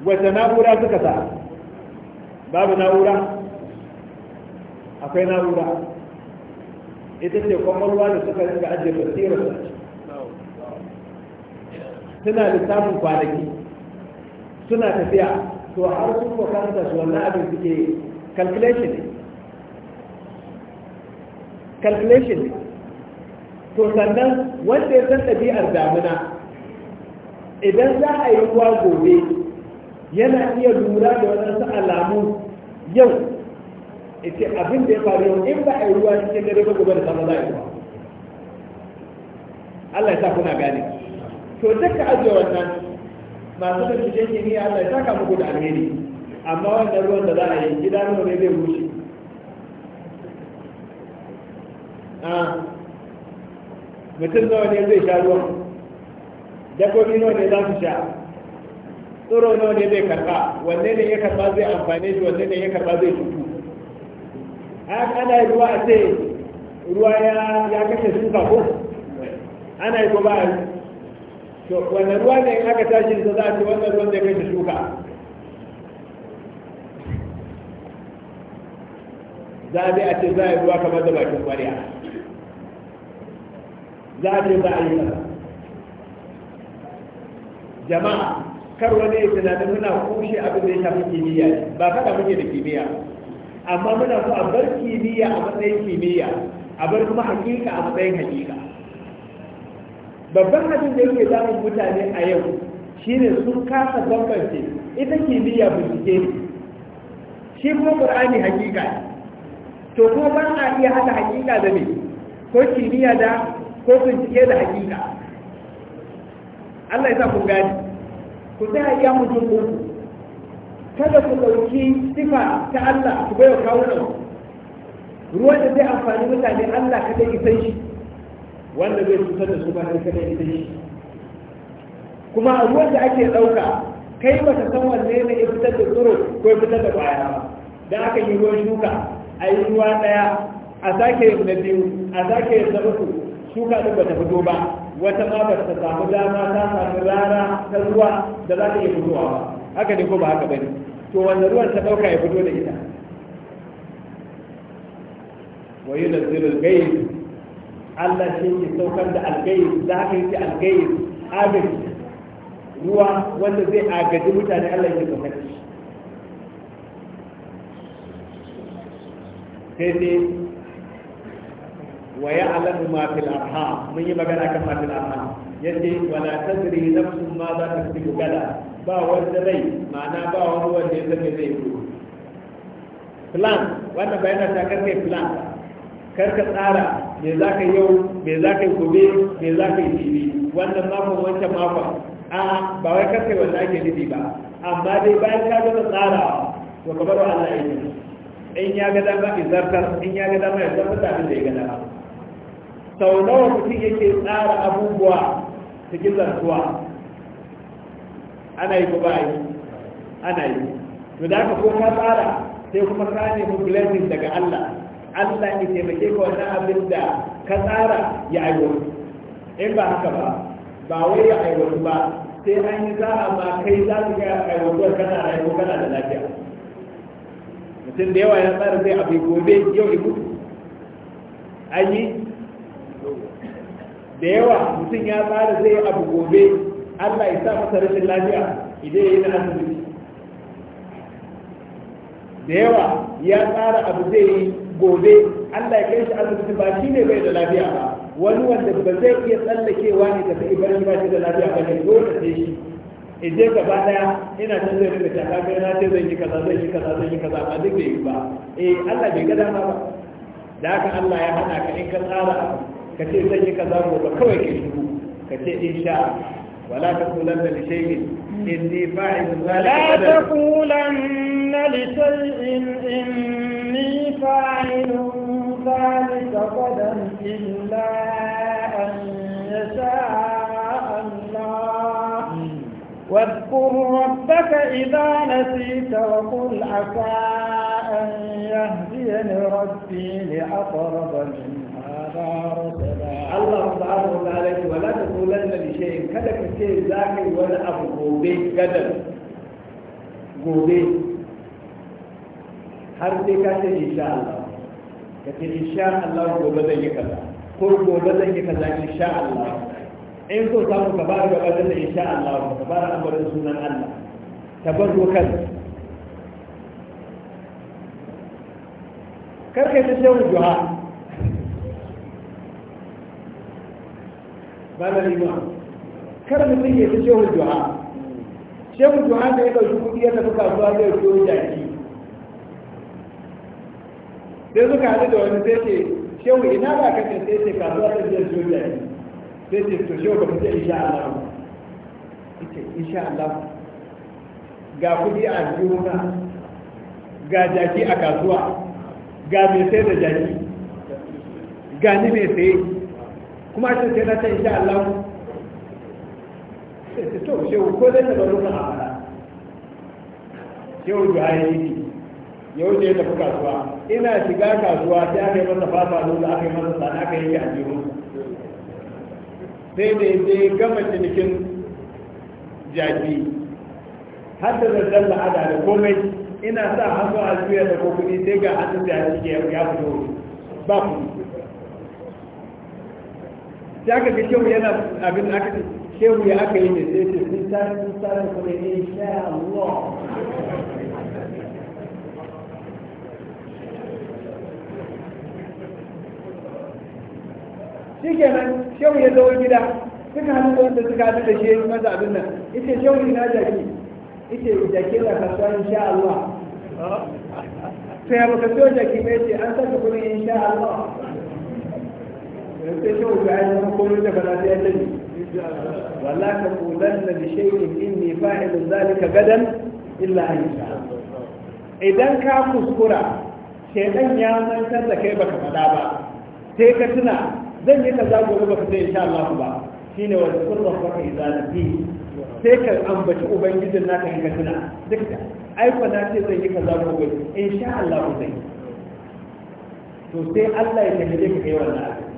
wata na'ura suka sa babu na'ura akwai na'ura ita ce kwakwalwa da suka rinka ajiye basira su suna lissafin kwanaki suna tafiya to har sun kwakanta su wannan abin suke calculation calculation to sannan wanda ya san ɗabi'ar damuna idan za a yi ruwa gobe yana iya lura da waɗansu alamu yau ita abin da ya faru yau in ba a yi ruwa cikin dare ba gobe da sama za a yi ruwa Allah ya sa kuna gane to duka ajiye wannan masu da cikin kimiyya Allah ya sa ka muku da alheri amma wannan ruwan da za a yi idanuwa ne zai rushe ah, mutum nawa ne zai sha ruwan dabbobi nawa ne za su sha tsoro nawa ne zai karba wanne ne ya karba zai amfane shi wanne ne ya karba zai cutu ana yi ruwa a ce ruwa ya kashe shuka ko ana yi kuma a yi to wannan ruwa ne in aka tashi da za a ce wannan ruwan da ya kashe shuka za a a ce za a yi ruwa kamar da bakin kwariya za a ce za a yi ruwa? jama'a kar wani ya tunanin muna kushe abin da ya shafi kimiyya ba faɗa muke da kimiyya amma muna so a bar kimiyya a matsayin kimiyya a bar kuma hakika a matsayin hakika babban hadin da yake damun mutane a yau shine sun kasa bambance ita kimiyya bincike ne shi kuma qur'ani hakika ne to kuma ba a iya hada hakika da me ko kimiyya da ko bincike da hakika Allah ya sa ku gani ku sai a iya mutum uku kada ku ɗauki sifa ta Allah ku bai wa kawunan ruwan da zai amfani mutane Allah kada san shi wanda zai cutar da su ba sai kada san shi kuma ruwan da ake ɗauka kai ba ta san wanne ne ya fitar da tsiro ko ya fitar da ƙwaya ba da aka yi ruwan shuka a yi ruwa ɗaya a sake yin na biyu a sake yin na uku shuka ɗin ba ta fito ba wata ma ba ta samu dama ta samu rana ta ruwa da za ta iya fitowa ba haka ne ko ba haka ba ne to wanda ruwan ta ɗauka ya fito da ita wa yi nazirin gayi Allah shi ke saukar da algayi za ka yi algayi agaji ruwa wanda zai agaji mutane Allah ya saukar shi sai dai waya ya alamu ma fil arham mun yi magana kan ma fil arham yace wala tadri nafsun ma za ta fi gada ba wanda zai ma'ana ba wani wanda ya zama zai zo plan wannan bayan ta karfe plan karka tsara me za ka yau me za ka yi gobe me za ka yi jibi wannan makon wancan makon a ba wai karfe wanda ake nufi ba amma dai bayan ka gama tsara to kamar wa Allah ya yi in ya ga dama zartar, in ya ga dama ya zartar da abin da ya ga dama sau nawa mutum yake tsara abubuwa cikin zartuwa ana yi ko ba yi ana yi to da ka ko ka tsara sai kuma ka nemi blessing daga Allah Allah ya taimake ka wannan abin da ka tsara ya aiwatu in ba haka ba ba wai ya aiwatu ba sai an yi a ma kai za su ga aiwatuwar kana rayuwa kana da lafiya mutum da yawa ya tsara zai abu gobe yau ya gudu. an yi da yawa mutum ya tsara zai abu gobe Allah ya sa masa rashin lafiya idan ya yi na asibiti da yawa ya tsara abu zai yi gobe Allah ya kai shi asibiti ba shi ne bai da lafiya ba wani wanda ba zai iya tsallakewa ne da sai ibrahim ba shi da lafiya ba ne dole sai shi ije gaba daya ina son zai rika ta kafin na ce zai yi kaza zai yi kaza zai yi kaza ba duk da yi ba eh Allah bai ga dama ba da haka Allah ya hana ka in ka tsara ka ce zai yi kaza gobe kawai ke shigo ka ce insha ولا تقولن لشيء إني فاعل ذلك لا تقولن لشيء إني فاعل ذلك غدا إلا أن يشاء الله واذكر ربك إذا نسيت وقل عسى أن يهديني ربي لأقرب من الله سبحانه وتعالى ولا تقولن لشيء كذا كشيء ذاك ولا ابو غوبي قدر غوبي هل ديك ان شاء الله كتير ان شاء الله غوبي ذلك كذا قول غوبي ذلك كذا ان شاء الله ان كنت تعلم كبار غوبي ان شاء الله كبار امر رسول الله تبر وكل كيف تسوي الجهاد ranar juma'a kar mu ya ta shehu duha shehu duha da ya ɗauki kuɗi ya tafi kasuwa zai siyo jaki sai suka haɗu da wani sai ce shehu ina ba ka ce sai ce kasuwa ta zai siyo jaki sai ce to shehu ba mu ce insha Allah ce insha Allah ga kuɗi a juna ga jaki a kasuwa ga mai sai da jaki ga ni mai sai kuma a cikin na ce insha Allah sai to shehu ko zai taɓa nuna a fara shehu ya yi yau da ya tafi kasuwa ina shiga kasuwa sai aka yi masa fata nuna aka yi masa sana aka yi a jiru sai da ya gama cinikin jaji. har da zazzan ada da komai ina sa hannu a juya da kokuni sai ga hannun da ya ya fito ba kuma sai aka ga shehu yana abin da aka ce shehu ya aka yi ne sai ce sun tare sun tare kuma ne sha Allah shi kenan shehu ya zo gida suka hannu da wanda suka hannu da shi ya yi masa abin nan ita shehu na jaki ita jaki na kasuwa sha Allah sai ya baka so jaki mai ce an saka kuma sha Allah in sai shehu ga ayi kuma da bana sai ya tabi wala ka qulanna bi shay'in inni fa'ilun zalika gadan illa an yasha idan ka kuskura shedan ya mantar da kai baka faɗa ba sai ka tuna zan yi kaza gobe baka sai insha Allah ba shine wa qurra fa idza nabi sai ka ambaci ubangijin naka in ka tuna duk da ai na ce zan yi kaza gobe insha Allah zai to sai Allah ya tafi ka kai wannan abin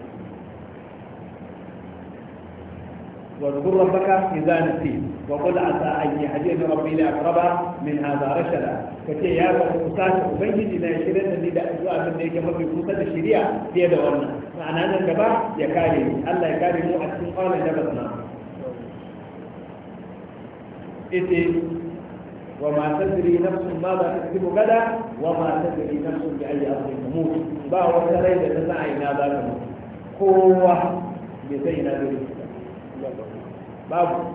واذكر ربك إذا نسيت وقل عسى أن يهديني ربي لأقرب من هذا رشدا كتي يا فقصات أبين إلى شريعة اللي دا أجواء من ديك مبي موسى الشريعة في يد ورنا معنى هذا الجباع يكاري الله يكاري مو أسين قال جبتنا إتي وما تدري نفس ماذا تكتب غدا وما تدري نفس بأي أرض تموت باع وسريد تسعى إلى ذلك قوة بزينا ذلك babu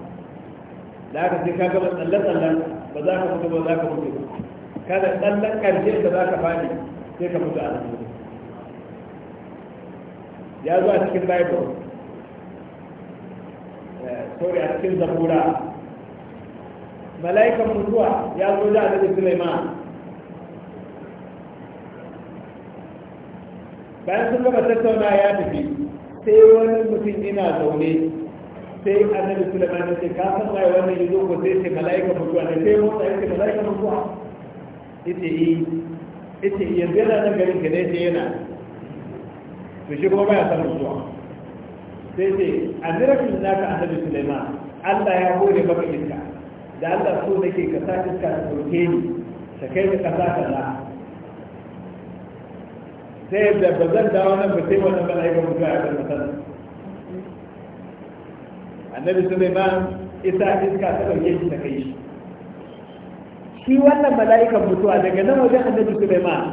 da aka ce ka gama tsalle tsallan ba za ka mutu ba za ka mutu ba kada tsallan karshe da za ka fadi sai ka mutu a nan ya zo a cikin bible eh, sorry a cikin zabura mala'ikan mutuwa ya zo da annabi Sulaiman bayan sun gaba tattauna ya tafi sai wani mutum ina zaune sai annabi sulaiman ya ce ka san waye wannan yazo ko sai ce malaika mutuwa ne sai mu sai ce malaika mutuwa yace yi eh. yace yanzu yana nan garin ka ne yace yana to shi kuma baya san mutuwa sai ce annabin naka annabi sulaiman Allah ya hore maka iska da Allah so nake ka sa iska ta dauke ni ta kai ka ni ka kaza sai da ba zan dawo nan ba sai wannan malaika mutuwa ya bar masana annabi Sulaiman ita iska ta ɗauke shi ta kai shi shi wannan mala'ikan mutuwa daga nan wajen annabi Sulaiman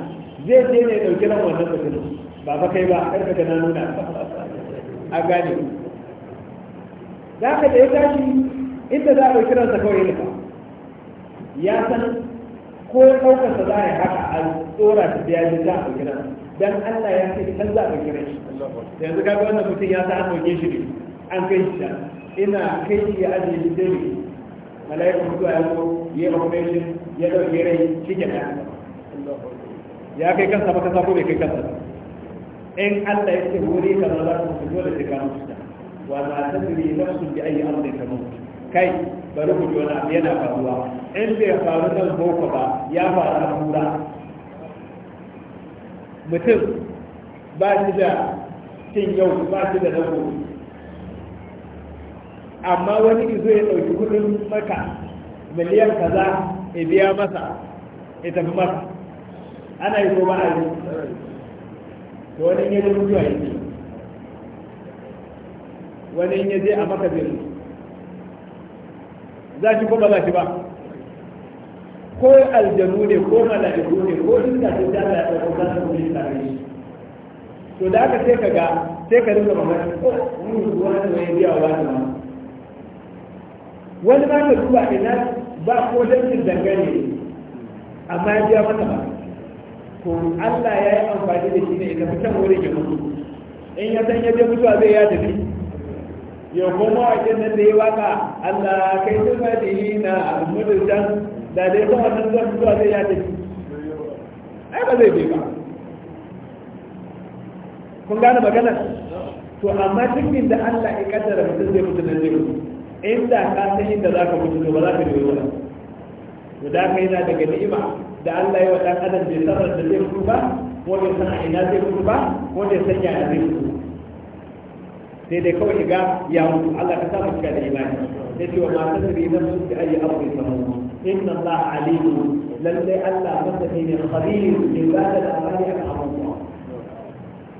zai je ne ɗauki ran wannan mutum ba fa kai ba karka ga na nuna a gane za ka da ya tashi inda za a ɗauki ransa kawai ya ya san ko ɗaukarsa za a yi haka a tsora ta biya ji za a ɗauki ransa dan Allah ya ce kan za a ɗauki ransa yanzu ga wannan mutum ya sa an ɗauke shi ne an kai shi da ina kai shi ya ajiye shi dare mala'ikan mutuwa ya zo ya yi operation ya ya rai cikin ya kai kansa ba kasa ko bai kai kansa in Allah ya ce wuri ka za ku fito da shi kanu ta wa ma na su bi ayi ardin tamut kai bari ku jona yana faruwa in bai faru nan boko ba ya faru na kura mutum ba shi da cin yau ba shi da na gobe amma wani izo ya ɗauki kudin maka miliyan kaza ya biya masa ya tafi masa ana yi ko ba a yi to wani yaje mutuwa ya ce wani yaje a maka zai za shi ko ba za shi ba ko aljanu ne ko mala'iku ne ko inda ta ta da ta ta ko kuli tare shi to da aka sai ka ga sai ka rinka mamaki ko oh, mun ruwa ne ya biya wa ne wani ba ka duba ina ba ko dangin dangane amma ya biya mata ba to Allah ya yi amfani da shi ne ya tafi can wurin ya mutu in ya san ya je mutuwa zai ya tafi ya koma a nan da ya waka Allah kai sun yi na mutuntan da dai kuma nan zan mutuwa zai ya tafi ai ba zai bi ba kun gane magana to amma cikin da Allah ya kaddara mutum zai mutu nan zai mutu inda ka san inda za ka mutu ba za ka yi ba to da ka yana daga ni'ima da Allah ya wa dan adam bai sanar da zai mutu ba ko da sana ina zai mutu ba ko da san ya zai mutu sai dai kawai shiga ya mutu Allah ka samu shiga da imani sai ce wa ma tasri nafsu bi ayi amri tamu inna Allah alimu lallai Allah masani ne khabir bi bada da amali al-amali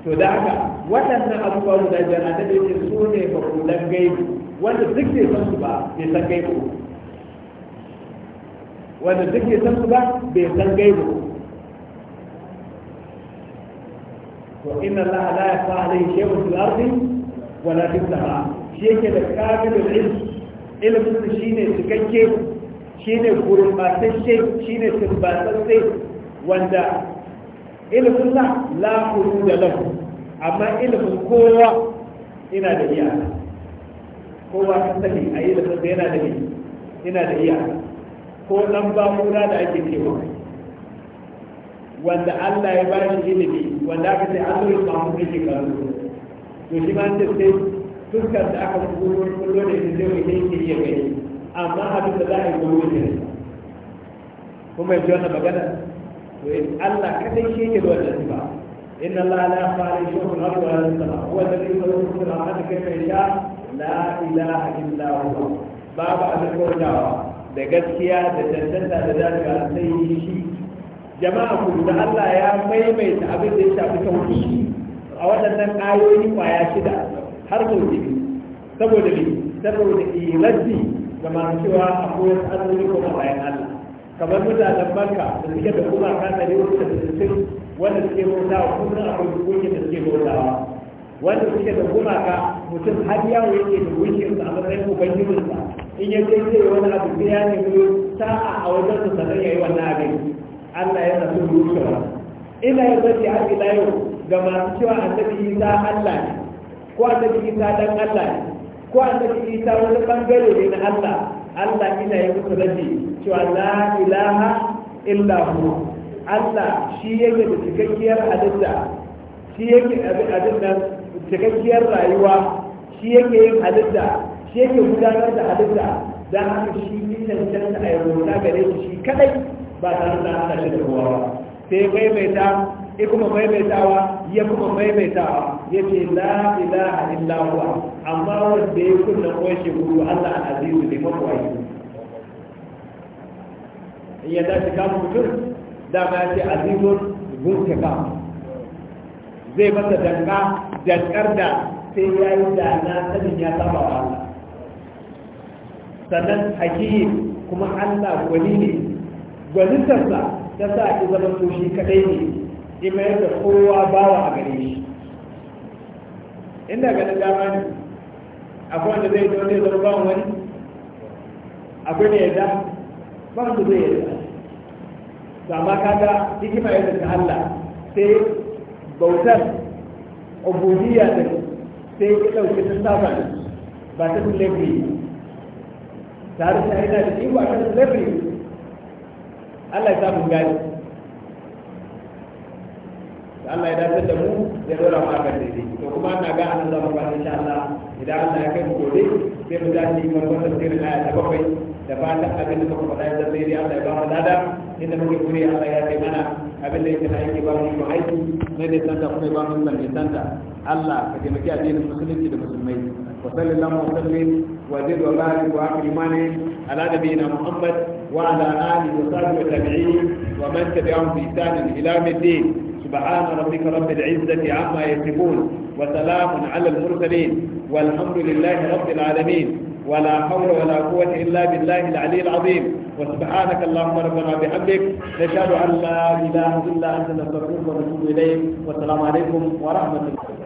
to da haka waɗannan abubuwa da jana da ce su ne makulan gaibi wanda duk bai san su ba bai san gaibu wanda duk bai san su ba bai san gaibu to inna allaha la yafa alayhi shay'un fil ardi la fis sama shi yake da kamilul ilm ilmin su shine cikakke shine gurbatacce shine tumbatacce wanda ilmin la la hudu da lahu amma ilmin kowa ina da iyaka kowa ta sani a yi da sassa yana da yana da iya ko nan ba bakura da ake cewa wanda Allah ya ba shi ilimi wanda aka ce an zuri mamu da ke karu to shi ma ce sai fuskar da aka kullo kullo da ita zai wuce ke iya gani amma abin da za a yi kullo ne kuma yanzu wannan magana to Allah kadai shi ke da wannan ba إن الله لا يخفى عليه شيء في الأرض ولا في السماء هو الذي يصرف في الأرض كيف يشاء لا إله إلا هو باب أذكر دعوة da gaskiya da tantanta da dacewa sai yi shi jama'a ku da Allah ya maimaita abin da ya shafi tauhidi a waɗannan ayoyi kwaya shida har sau biyu saboda bi saboda ilaji masu cewa akwai wasu azumi kuma bayan Allah kamar mutanen banka, da suke da kuma kan da ne wasu da wanda suke bauta wa kuma akwai dokokin da suke bautawa wanda suke da gumaka mutum har yawo yake da wucin sa a matsayin ubangijinsa in ya kai zai wani abu sai ya nemi sa'a a wajen sa sanar ya yi wannan abin Allah ya rasu rushewa ina ya zace har ila yau ga masu cewa annabi Isa Allah ne ko annabi Isa dan Allah ne ko annabi Isa wani bangare ne na Allah Allah ina yi musu raji cewa la ilaha illa huwa Allah shi yake da cikakkiyar halitta shi yake abin nan cikakkiyar rayuwa shi yake yin halitta shi yake gudanar da halitta da haka shi yi da a yarda gare shi shi kadai ba tare da hana shi da kowa ba sai maimaita ya kuma maimaitawa ya kuma maimaitawa ya ce la ilaha illa huwa amma wanda ya kunna kwashe guru Allah al-azizu ne mafwayi ya dace kama mutum dama ya ce azizun zurtika zai masa danka dankar da sai ya yi da na sanin ya saba wa Allah sannan hakiki kuma Allah gwani ne gwanintarsa ta sa ki zama to shi kadai ne ima yadda kowa bawa a gare shi inda ganin dama ne akwai wanda zai zo ne zama bawan wani akwai ne yadda ba wanda zai yadda to amma kaga hikima yadda ta Allah sai bautar ubudiyya da sai ya dauke ta saba ba ta slavery tare da yana da iko akan slavery Allah ya samu gani Allah ya dace da mu ya dora mu akan daidai to kuma na ga an da ba insha Allah idan Allah ya kai gobe sai mu dace mu wannan tafsirin aya ta bakwai da fatan abin da muka da da daidai Allah ya ba mu dada inda muke kuma Allah ya ce mana abin da yake na yake ba mu aiki na ne santa kuma ba mu san ne santa Allah ka taimaki addinin musulunci da musulmai wa sallallahu alaihi wa zid wa barik wa akrim imani ala nabiyina muhammad wa ala alihi wa sahbihi wa tabi'in wa man tabi'ahum bi ihsan ila yawmiddin سبحان ربك رب العزة عما يصفون وسلام على المرسلين والحمد لله رب العالمين ولا حول ولا قوة إلا بالله العلي العظيم وسبحانك اللهم ربنا بحمدك نشهد أن لا إله إلا أنت نستغفرك ونتوب إليك والسلام عليكم ورحمة الله